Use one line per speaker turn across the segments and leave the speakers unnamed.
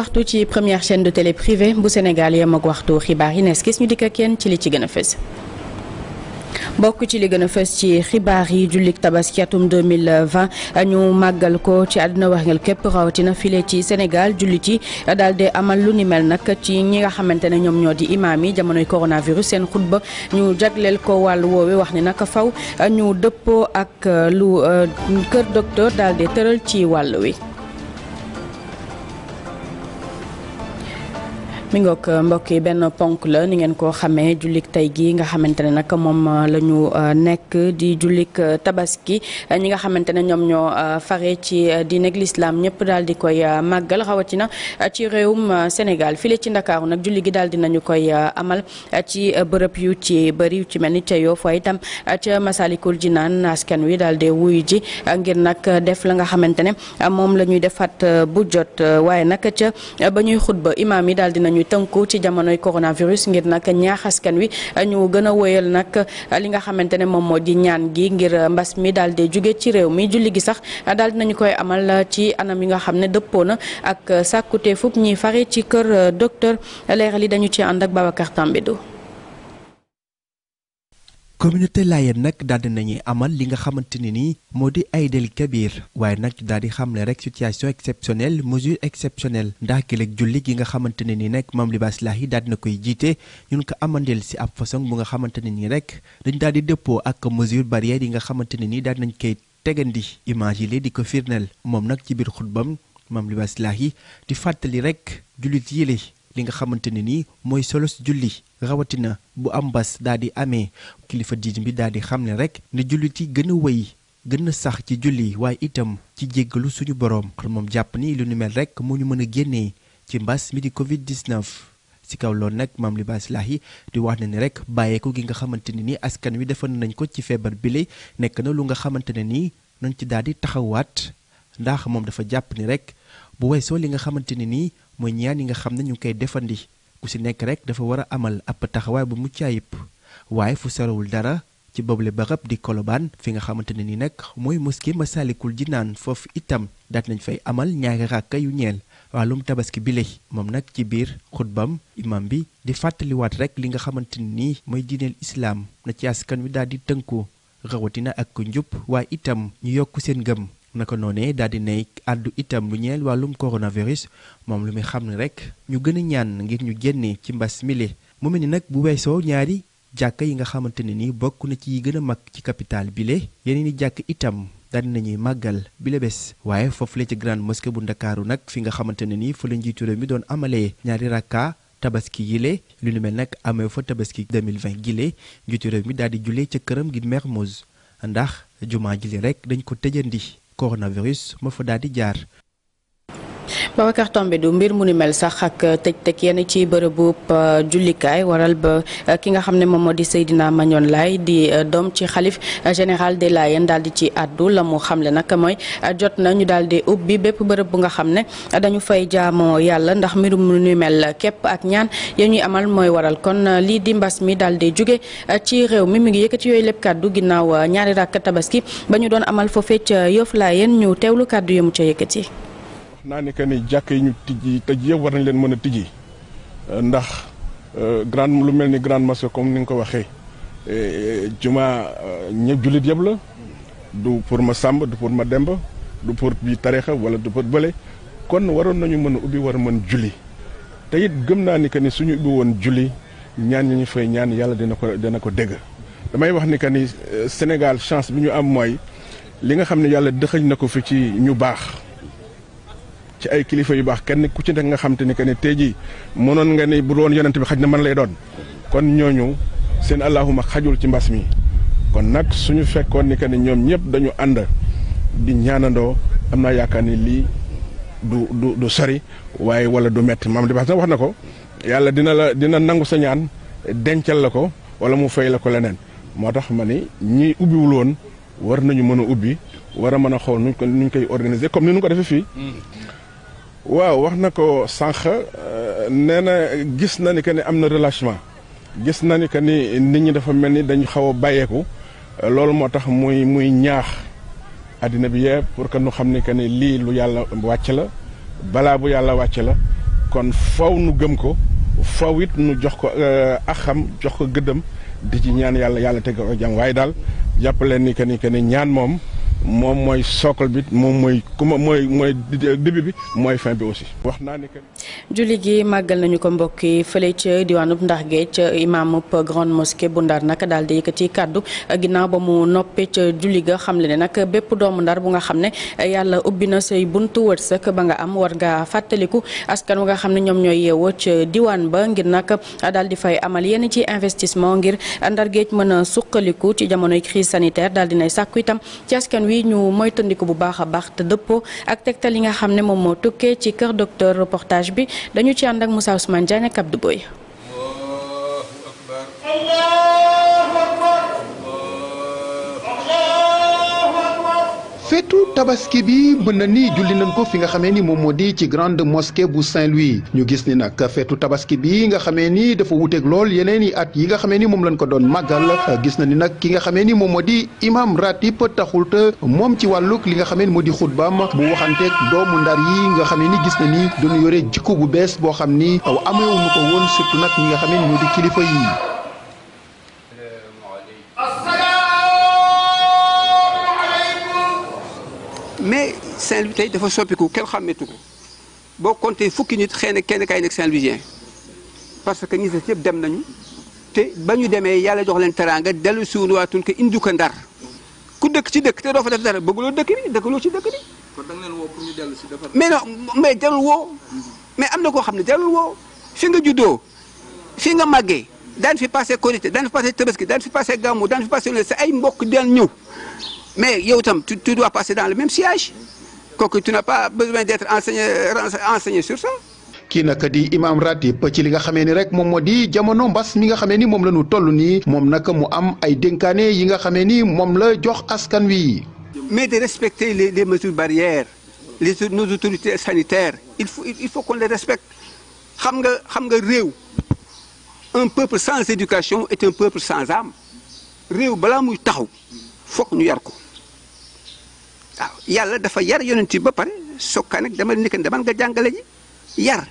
waxtu ci première chaîne de télé privée bu Sénégal yem ak waxtu xibaar yi nees gis ñu dikk ak yéen ci li ci gën a fës. bokk ci li gën a fës ci xibaar yi jullik tabaski atum 2020 ñu màggal ko ci àdduna waxngal képp rawatina file ci Sénégal jullit yi daal di amal lu ni mel nag ci ñi nga xamante ne ñoom ñoo di imaam yi jamonoy coronavirus seen xutba ñu jagleel ko wàllu woowe wax ni naka faw ñu dëppoo ak lu euh, kër docteur daal tëral ci wàll wi. mi ngoog euh, mbokk yi benn ponk la ni ngeen koo xamee jullik tey gi nga xamante ne nag moom euh, la ñu euh, nekk di jullik tabaski ñi nga xamante ne ñoom ñoo fare ci diineg lislaam ñëpp daal di koy màggal rawatina ci réewum Sénégal file ci Ndakaaru nag julli gi daal nañu koy amal ci bërëb yu ci bëri yu ci mel ni ca Yoff waaye itam ca ji naan askan wi daal de wuyu ji ngir nag def la nga xamante ne moom la ñuy defaat bu jot waaye nag ca ba ñuy xutba imaam yi ñu tënku ci jamonoy coronavirus ngir nag ñaax askan wi ñu gën a woyal nag li nga xamante ne moom moo di ñaan gi ngir mbas mi daal di jóge ci réew mi julli gi sax daal nañu koy amal ci anam yi nga xam ne dëppoo na ak sàkkute fukk ñi fare ci kër docteur leeral yi dañu ci ànd ak Babacar Tambédou
communauté Layène nag daal di nañuy amal li nga xamante ne nii moo di ay Aïdel Kabir waaye nag daal di xamle rek situation exceptionnelle mesure exceptionnelle ndax gileeg julli yi nga xamante ne nii nag mam Libasse laax daal di na koy jiite ñun ko amandeel si ab façon bu nga xamante ne nii rek dañ daal di dëppoo ak mesure barrière yi nga xamante ne nii daal nañ koy tegandi image yi lii di ko firndeel moom nag ci biir xutbam Mame laax yi di fàttali rek jullit yi li nga xamante ne nii mooy solo solos julli rawatina bu am mbas daal di amee kilifa diit bi daal di xam ne rek ne jullit yi gën a way gën a sax ci julli waaye itam ci jéggalu suñu boroom kon moom jàpp nii lu nu mel rek moo ñu mën a génnee ci mbas mi di Covid 19. ci kaw loolu nag maam Libaas yi di wax na ni rek bàyyeeku gi nga xamante ne nii askan wi defoon nañ ko ci feebar bile nekk na lu nga xamante ne nii nañ ci daal di taxawaat ndax moom dafa jàpp mooy ñaan yi nga xam ne ñu ngi koy defandi ku si nekk rek dafa war a amal ab taxawaay bu mucc ayib waaye fu sorowul dara ci boobule barab di kolobaan fi nga xamante ne ni nag mooy moskee Masaalikul Jinaan foofu itam daat nañ fay amal ñaari ràkka yu ñeel wàllum tabaski bile moom nag ci biir xutbam imam bi di fàttaliwaat rek li nga xamante ne nii mooy diineel islaam na ci askan wi daal di tënku rawatina ak njub waaye itam ñu yokk seen gëm naka noone daal di nay àddu itam lu ñeel wàllum coronavirus moom lu muy xam ne rek ñu gën a ñaan ngir ñu génne ci mbas mile mu mel ni nag bu weesoo ñaari jàkk yi nga xamante ne ni bokk na ci yi gën a mag ci capital bile yeneen i jàkk itam daal nañuy màggal bile bés waaye foofu la ci grande mosquée bu ndakaaru nag fi nga xamante ne ni fa la njiitu réew mi doon amalee ñaari rakka tabaski yile lu nu mel nag amee fa tabaski 2020 gile njiitu réew mi daal di julee ca këram gi Mermoz ndax jumaa jile rek dañ ko tëjandi coronavirus moo fa daal di jaar
Babacar Tombédou mbir mu ni mel sax ak tëj-tëj yenn ci bërëbub euh, jullikaay waral ba euh, ki nga xam ne moom moo di Seydina Mañoon Laay di euh, doom ci xalif général des Layènes daal di ci àddu la mu xamle nag mooy jot na ñu daal di ubbi bépp bërëb bu nga xam ne dañu fay jaamoo yàlla ndax mbir mu ni mel képp ak ñaan ya ñuy amal mooy waral kon lii di mbas mi daal di jóge ci réew mi mi ngi yëkkati yooyu lépp kàddu ginnaaw ñaari rakk tabaski ba ñu doon amal foofee ca Yoff Layène ñu teewlu kàddu yamu ca yëkkati
wax naa ne que ni jàkk yi ñu tijji tëj yëpp war nañ leen mën a tijji ndax euh, grande lu mel ni grande mosquée comme ni nga ko waxee eh, eh, juma euh, ñëpp jullit yëpp la du pour ma sàmb du pour ma demb du pour bi tarixa wala du pour bële kon waroon nañu mën a ubbi war mën julli te it gëm naa ni que ni suñu ubbi woon julli ñaan ñu ñu fay ñaan yàlla dina ko dina ko dégg damay wax ni que ni euh, Sénégal chance bi ñu am mooy li nga xam ne yàlla dëxëñ na ko fi ci ñu baax ci ay kilifa yu baax kenn ku ci nekk nga xam te ni que tey jii mënoon nga ni bu doon yonent bi xaj na man lay doon kon ñooñu seen allahuma xajul ci mbas mi. kon nag suñu fekkoon ni que ñoom ñëpp dañu ànd di ñaanandoo am naa yaakaar ni lii du du du waaye wala du metti maam di baax na wax na ko yàlla dina la dina nangu sañaan ñaan dencal la ko wala mu fay la ko leneen moo tax ma ni ñi ubbiwul woon war nañu mën a ubbi war a mën a xool nuñ ko nuñ koy organiser comme ni ñu ko defee fii. Mm. waaw wax na ko sànq euh, nee na gis na ni que ni am na relâchement gis na ni que ni nit ñi dafa mel ni dañu xaw a bàyyeeku loolu moo tax muy muy ñaax àddina bi yëpp pour que nu xam ni que ni lii lu yàlla wàcc la balaa bu yàlla wàcce la kon faw nu gëm ko faw it nu jox ko euh, axam jox ko gëddëm di ci ñaan yàlla yàlla teg ko jàmm waaye daal jàpp leen ni que ni que ni ñaan moom. moom mooy socle bi moom mooy kuma mooy mooy début bi mooy fin bi aussi. wax naa ne que.
julli gi màggal nañu ko mbokk yi fële ca diwaanub ndax géej ca imaamub grande mosquée bu ndar naka daal di yëkkati kàddu ginnaaw ba mu noppee ca julli ga xam le ne nag bépp doomu ndar bu nga xam ne yàlla ubbi na say buntu wërsëg ba nga am war nga fàttaliku askan wi nga xam ne ñoom ñooy yeewoo ca diwaan ba ngir nag daal di fay amal yenn ci investissement ngir ndar géej mën a suqaliku ci jamonoy crise sanitaire dal di nay sàkku itam ci askan wi ñu moytandiku bu baax a baax te dëppoo ak tegtal yi nga xam ne moom moo tukkee ci kër docteur reportage bi dañu ci ànd ak Moussa Ousmane Diagne ak Abdou Boye
feetu tabaski bi mën na ni julli nañ ko fi nga xamee ni moom moo di ci grande mosquée bu Saint-Louis ñu gis ni nag feetu tabaski bi nga xamee ni dafa wuteeg lool yeneen i at yi nga xamee ni moom lañ ko doon màggal gis na ni nag ki nga xamee ni moom moo di imam ratib taxul te moom ci wàllug li nga xamee ni moo di xutbaam bu waxanteek doomu ndar yi nga xamee ni gis na ni doon yore jikko bu bees boo xam ni aw ameewuñu ko woon surtout nag ñi nga xamee ni moo di kilifa yi
mais Saint-Louis tey dafa soppiku kenn xàmmeetu ko boo compté fukki nit xëy na kenn kay nekk Saint-Louisien parce que ñi des yëpp dem nañu te ba ñu demee yàlla jox leen teraanga dellu suunu waatul ko indi ko ndar ku dëkk ci dëkk te doo fa def dara bëgguloo dëkk bi dëkkuloo ci dëkk bi. kon da nga leen woo pour ñu dellu si defar. mais non mais jarul woo. mais am na koo xam ne jarul woo fi nga juddoo fi nga màggee daan fi passé korité daan fi passé tabaski daan fi passé gàmmu daan fi passé sa ay mbokk daan ñëw. mais yow itam tu tu dois passer dans le même sillage kooku tu na pas besoin d'être enseigné enseigné sur ça.
kii nag di imam ratib ci li nga xamee ni rek moom moo di jamono mbas mi nga xamee ni moom la ñu toll nii moom nag mu am ay dénkaane yi nga xamee ni moom la jox askan wi.
mais de respecter les les mesures barrières les nos autorités sanitaires il faut il faut qu'on les respecte xam nga xam nga réew un peuple sans éducation est un peuple sans âme réew balaa muy taxaw fokk ñu yar ko. waaw yàlla dafa yar yonent yi ba pare sokka nag dama nekk demal nga jàngale ji yar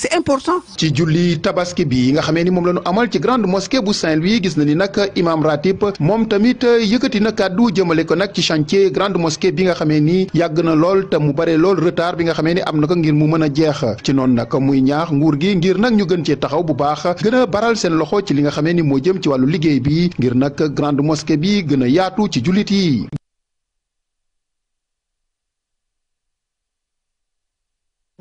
c'est important. ci julli tabaski bi nga xamee ni moom la amal ci grande
mosquée bu Saint-Louis gis na ni nag imam ratib moom tamit yëkkati na kàddu jëmale ko nag ci chantier grande mosquée bi nga xamee ni yàgg na lool te mu bare lool retard bi nga xamee ni am na ko ngir mu mën a jeex ci noonu nag muy ñaax nguur gi ngir nag ñu gën cee taxaw bu baax gën a baral seen loxo ci li nga xamee ni moo jëm ci wàllu liggéey bi ngir nag grande mosquée bi gën a yaatu ci jullit yi.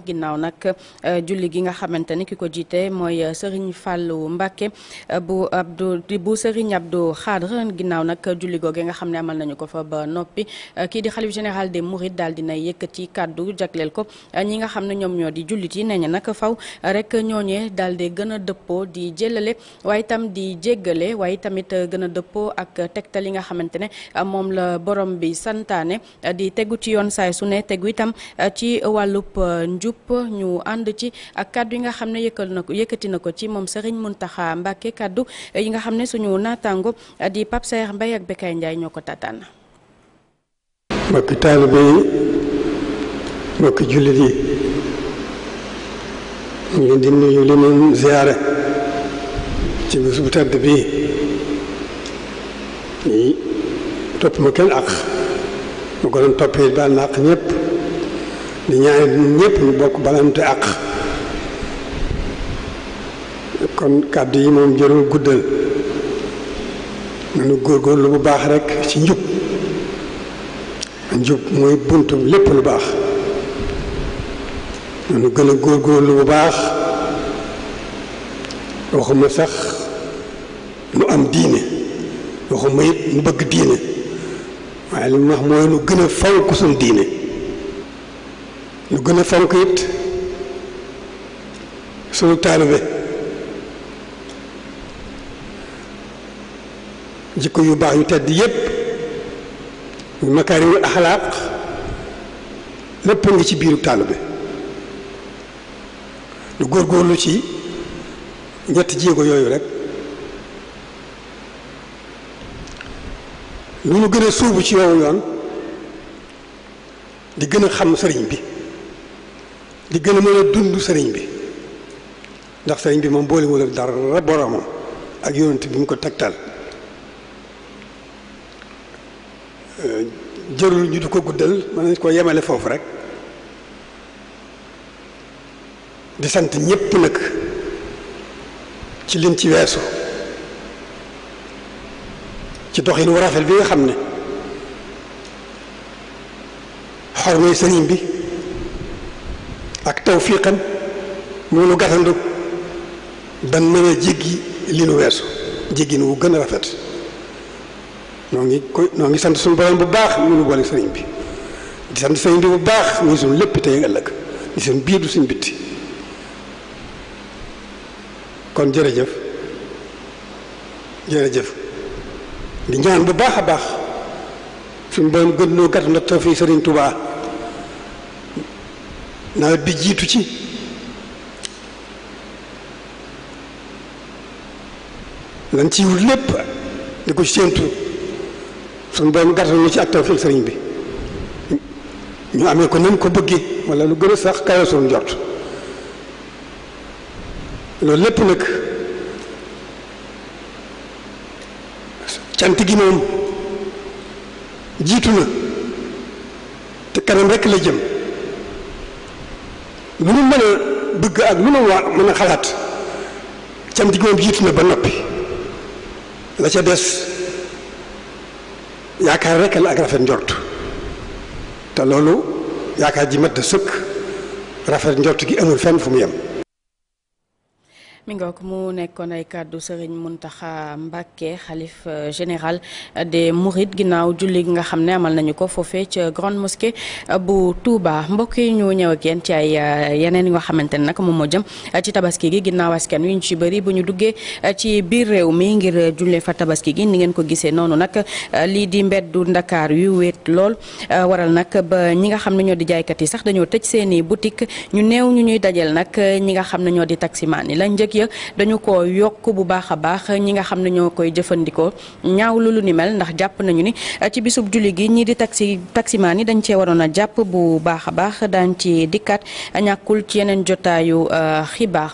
ginnaaw nag euh, julli gi nga xamante ni ki ko jiite mooy euh, Serigne Fallou Mbacké euh, bu Abdou bu Serigne Abdou Khadre ginnaaw nag julli googe nga xam ne amal nañu ko fa ba noppi kii di xalif général des Mourides daal dina yëkkati kàddu jagleel ko ñi nga xam ne ñoom ñoo di jullit yi ñu nag faw rek ñooñee daal di gën a dëppoo di jëlale waaye itam di jéggale waaye tamit gën a dëppoo ak tegtal yi nga xamante ne moom la borom bi santaane di tegu ci yoon saay su ne tegu yëpp ñu ànd ci ak kàddu yi nga xam ne yëkkal na ko yëkkati na ko ci moom Serigne Mountakha Mbacké kàddu yi nga xam ne suñu naataango di Pape Saer Mbaye ak Bekay Ndiaye ñoo ko tàttaan.
mbokki taalibe ko doon toppee baal na ak ñëpp di ñaanit ñun ñëpp ñu bokk balante àq kon kàddu yi moom jërul guddal góor góorgóorlu bu baax rek ci njub njub mooy buntu lépp lu baax nanu gën a góorgóorlu bu baax waxuma sax nu am diine waxuma it nu bëgg diine waaye li mu wax mooy lu gën a faw ku diine ñu gën a fonk it sunu taalibe jikko yu baax yu tedd yépp ñu makaarimul axlaaq lépp ngi ci biiru taalibe góor góorgóorlu ci ñetti jéego yooyu rek lu ñu gën a suubu ci yow yoon di gën a xam sëriñ bi di gën a mën a dund sëriñ bi ndax sëriñ bi moom boolewul ak dara boroomam ak yonent bi mu ko tegtal euh, jërul ñu di ko guddal mën nañ ko yemale foofu rek di sant ñépp nag ci liñ ci weesu ci doxin wu rafet bi nga xam ne xormay sëriñ bi ak tawfiqam mu nu gàttandu ban mën a jéggi li nu weesu jéggin wu gën a rafet noo ngi koy noo ngi sant suñu borom bu baax mu nu boole sëriñ bi di sant sëriñ bi bu baax muy suñu lépp tey ëllëg di suñu biir du suñu bitti kon jërëjëf jërëjëf di ñaan bu baax a baax suñu borom gën noo gàttandu tawfiq sëriñ Tuubaa nawet bi jiitu ci lan ci wut lépp di ko ci séentu suñu borom gàttal ñu ci ak tawfeex sëriñ bi ñu amee ko nañ ko bëggee wala lu gën a sax kawe suñu njort loolu lépp nag cant gi moom jiitu na te kanam rekk la jëm lu nu mën a bëgg ak lu nu wa mën a xalaat cam diggoom jiitu na ba noppi la ca des yaakaar rekk la ak rafet njort te loolu yaakaar ji mat da sëkk rafet njort gi amul fenn fu mu yem
mi ngook mu nekkoon ay kàddu Serigne Mountakha Mbacké xalif euh, général de Mourides ginnaaw julli gi nga xam ne amal nañu ko foofe ca grande mosquée euh, bu Touba mbokk yi ñu ñëw ak yéen ci ay euh, yeneen yi nga xamante ne nag moom moo jëm ci tabaski gi ginnaaw askan wi ñu ci bëri bu ñu duggee ci biir réew mii ngir jullee fa tabaski gi ni ngeen ko gisee noonu nag lii di mbeddu Ndakaar yu wéet lool waral nag ba ñi nga xam ne ñoo di jaaykat yi sax dañoo tëj seeni boutique ñu néew ñu ya dañu ko yokk bu baax a baax ñi nga xam ne ñoo koy jëfandikoo ñaaw lu lu ni mel ndax jàpp nañu ni ci bisub julli gi ñii di taxi taximaan yi dañ cee waroon a jàpp bu baax a baax daan ci dikkat ñàkkul ci yeneen jotaayu euh, xibaar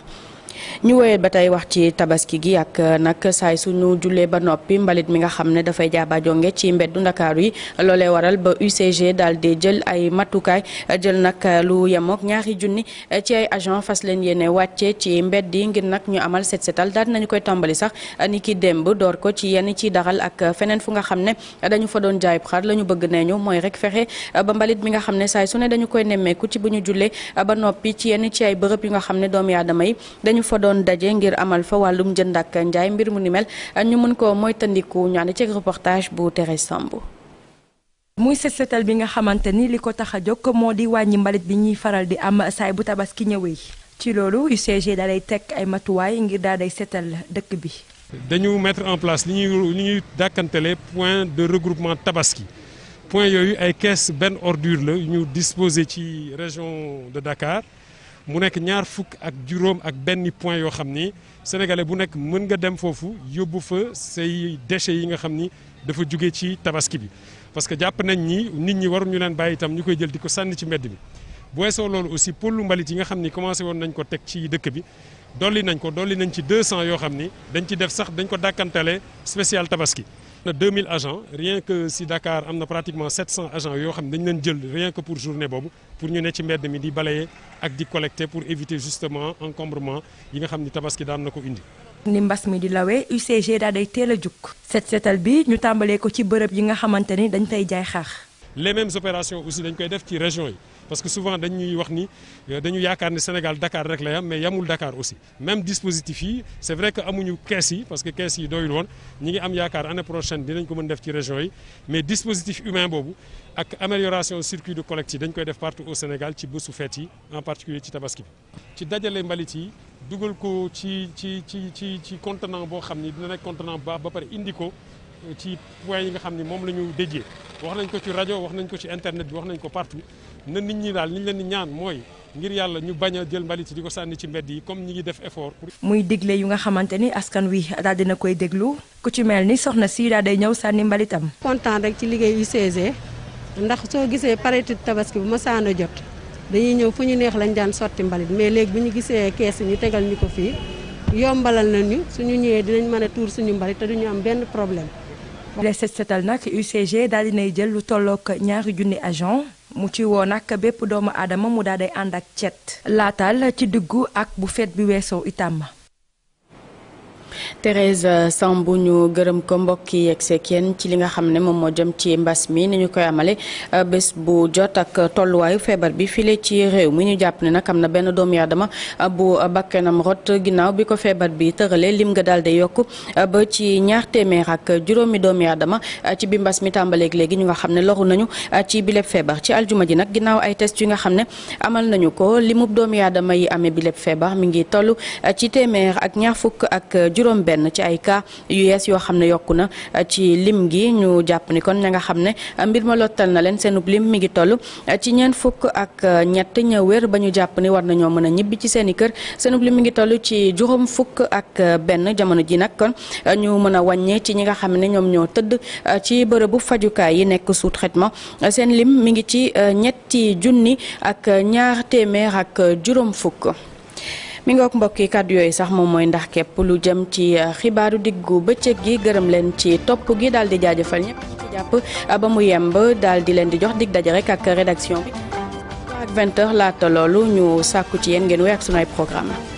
ñu woyee ba tey wax ci tabaski gi ak euh, nag saay suñu jullee ba noppi mbalit mi nga xam ne dafay jaaba jonge ci mbeddu ndakaaru yi loolee waral ba UCG daal di jël ay matukaay euh, jël nag euh, lu yemook ñaari junni ci ay fas leen yéene wàcce ci mbedd yi ngir nag ñu amal set setal nañu koy tàmbali sax ni ki démb door ko ci yenn ci daral ak feneen fu nga xam ne dañu fa doon jaayib xar la ñu bëgg nee ñu mooy rek fexe ba mbalit mi nga xam ne saay su ne dañu koy nemmeeku ci bu ñu jullee ba noppi ci yenn ci ay bërëb yu nga xam ne doomu yaadama yi dañu fa doon daje ngir amal fa wàllum jënd ak njaay mbir mu ni mel ñu mën ko moytandiku ñu ànd ci reportage bu Thérèse Samb. muy set setal bi nga xamante ni li ko tax a jóg moo di wàññi mbalit bi ñuy faral di am saay bu tabaski ñëwee ci loolu UCG da lay teg ay matuwaay ngir daal day setal dëkk bi.
dañu mettre en place li ñuy li ñuy dàkkantele point de regroupement tabaski point yooyu ay caisse benn ordure la ñu disposé ci région de Dakar. mu nekk ñaar fukk ak juróom ak benn point yoo xam ni sénégalais bu nekk mën nga dem foofu yóbbu fa say déchets yi nga xam ni dafa jóge ci tabaski bi parce que jàpp nañ ni nit ñi waruñu leen bàyyi itam ñu koy jël di ko sànni ci mbedd mi bu weesoo loolu aussi pôlu mbalit yi nga xam ni commencé woon nañ ko teg ci dëkk bi dolli nañ ko dolli nañ ci 200 yoo xam ni dañ ci def sax dañ ko dàkkantale spécial tabaski na 2000 agents rien que si Dakar am na pratiquement 700 agents yoo xam ne dañu leen jël rien que pour journée boobu pour ñu ne ci mbedd mi di balayer ak di collecter pour éviter justement encombrement yi nga xam ni tabaski daan na ko indi.
ni mbas mi di lawee UCG daal day teel a jug. set setal bi ñu tàmbalee ko ci bërëb yi nga xamante ni dañ koy jaay xaar.
les mêmes opérations aussi dañ koy def ci région yi. parce que souvent dañuy wax ni euh, dañu yaakaar ne Sénégal dakaar rek la yam mais yamul dakaar aussi même dispositif yi c' est vrai que amuñu kees yi parce que kees yi doyul woon ñi ngi am yaakaar année prochaine dinañ ko mën def ci région yi mais dispositif humain boobu ak amélioration circuit de collecte yi dañ koy def partout au Sénégal ci bésu fête yi en particulier ci tabaski bi ci dajale mbalit yi dugal ko ci ci ci ci ci contenant boo xam ni dina nekk contenant bu baax ba pare indi ko euh, ci point yi nga xam ni moom la ñu déggee wax nañ ko ci rajo wax nañ ko ci internet bi wax nañ ko partout na nit ñi daal liñ leen di ñaan mooy ngir yàlla ñu bañ a jël mbalit di ko sànni ci mbedd yi comme ñi ngi def effort.
muy digle yu nga xamante ni askan wi daal dina koy déglu ku ci mel ni soxna si daal day ñëw sànni mbalitam. kontaan rek ci liggéey UCG ndax soo gisee parité tabaski bu ma saan jot dañuy ñëw fu ñu neex lañ daan sotti mbalit mais léegi bu ñu gisee kees ñu tegal ñu ko fii yombalal nañu ñu ñëwee dinañ mën a tuur suñu mbalit te am benn problème. les nag UCG daal dinay jël lu tollook ñaari junni agent mu ci woo nag bépp doomu aadama mu daal day ànd ak cet laatal ci diggu ak bu fet bi weesoo itam Thérèse Samb ñu gërëm ko mbokk yi ak seek yéen ci li nga xam ne moom moo jëm ci mbas mi ni ñu koy amale euh, bés bu jot ak tolluwaayu feebar bi file ci réew mi ñu jàpp ne nag am na benn doomu aadama euh, bu euh, bakkanam rot ginnaaw bi ko feebar bi tëralee lim nga daal di yokk ba ci ñaar téeméer ak juróomi doomu aadama ci bi mbas mi tàmbaleeg léegi ñu nga xam ne loru nañu ci bileb feebar ci aljuma ji nag ginnaaw ay test yu nga xam ne amal nañu ko limub doomu aadama yi amee bileb feebar mi ngi toll ci téeméer ak ñaar fukk ak juróom benn ci ay cas yu yoo xam ne yokk na uh, ci lim gi ñu jàpp ni kon ña nga xam ne uh, mbir ma lottal na leen seenub lim mi ngi toll uh, ci ñeent fukk ak ñett ña wér ba ñu jàpp ni war nañoo mën a ñibbi ci seen i kër seenub lim mi ngi tollu ci juróom fukk ak benn jamono ji nag kon ñu mën a wàññee ci ñi nga xam ne ñoom ñoo tëdd ci bërëbu fajukaay yi nekk sous ma seen lim mi ngi ci ñetti junni ak ñaar téeméer ak juróom fukk mi nga ko mbokk yi kàddu yooyu sax moom mooy ndax képp lu jëm ci euh, xibaaru diggu bëccëg gi gërëm leen ci topp gi daal di jaajëfal ñëpp ci jàpp euh, ba mu yemb daal di leen di jox dig daje rek ak rédaction bi ak 20h laata loolu ñu sàkku ci yéen ngeen wéy ak sunu ay programme